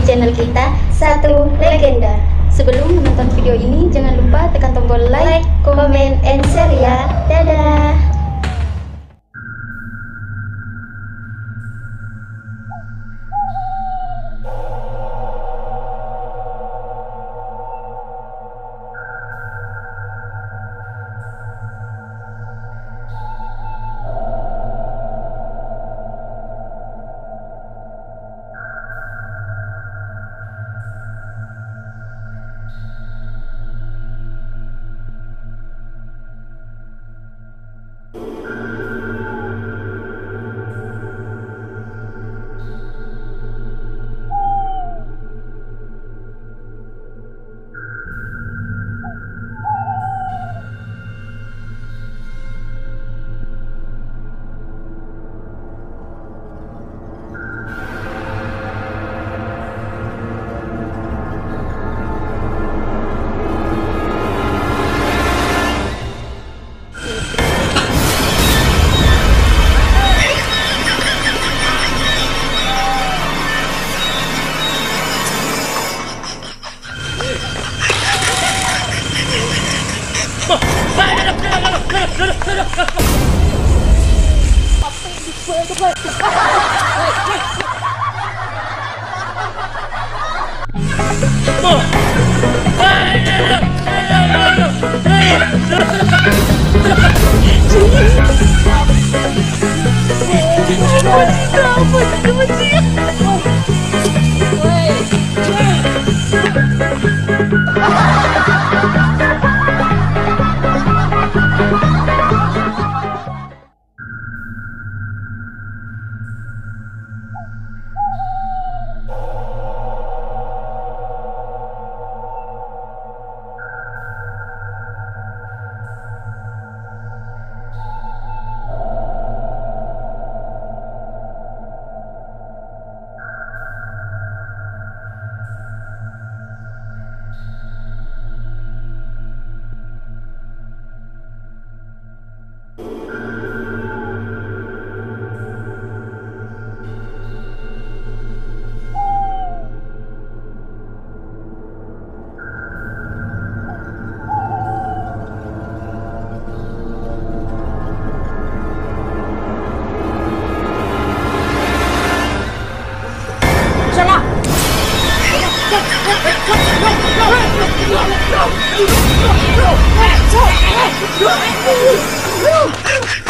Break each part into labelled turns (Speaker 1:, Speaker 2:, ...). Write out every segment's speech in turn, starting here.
Speaker 1: di channel kita Satu Legenda. Sebelum menonton video ini, jangan lupa tekan tombol like, comment, and share ya. Dadah! play, good play. Давай, давай, давай. No! No! No! No! No! No!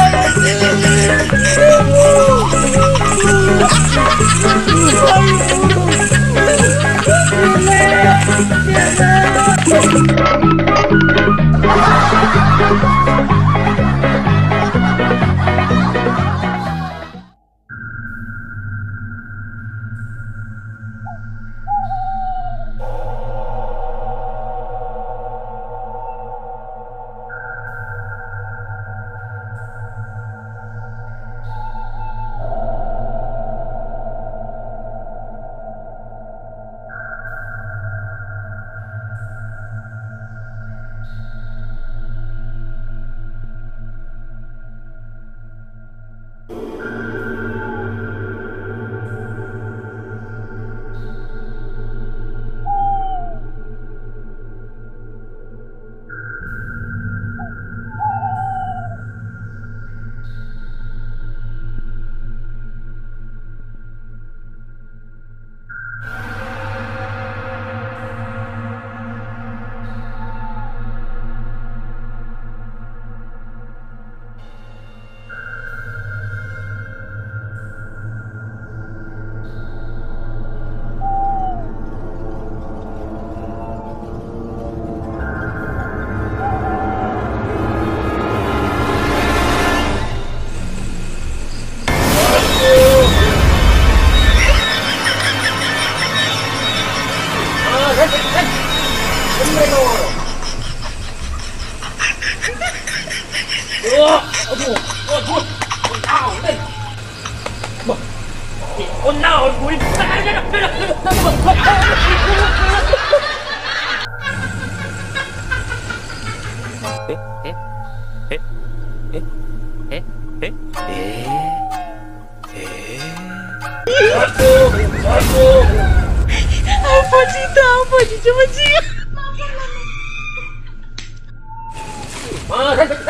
Speaker 1: Ah,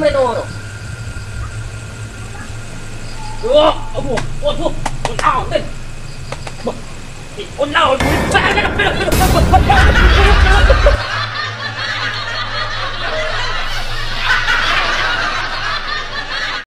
Speaker 1: 300도로 으아 어머 어머 올라오네 뭐 올라오네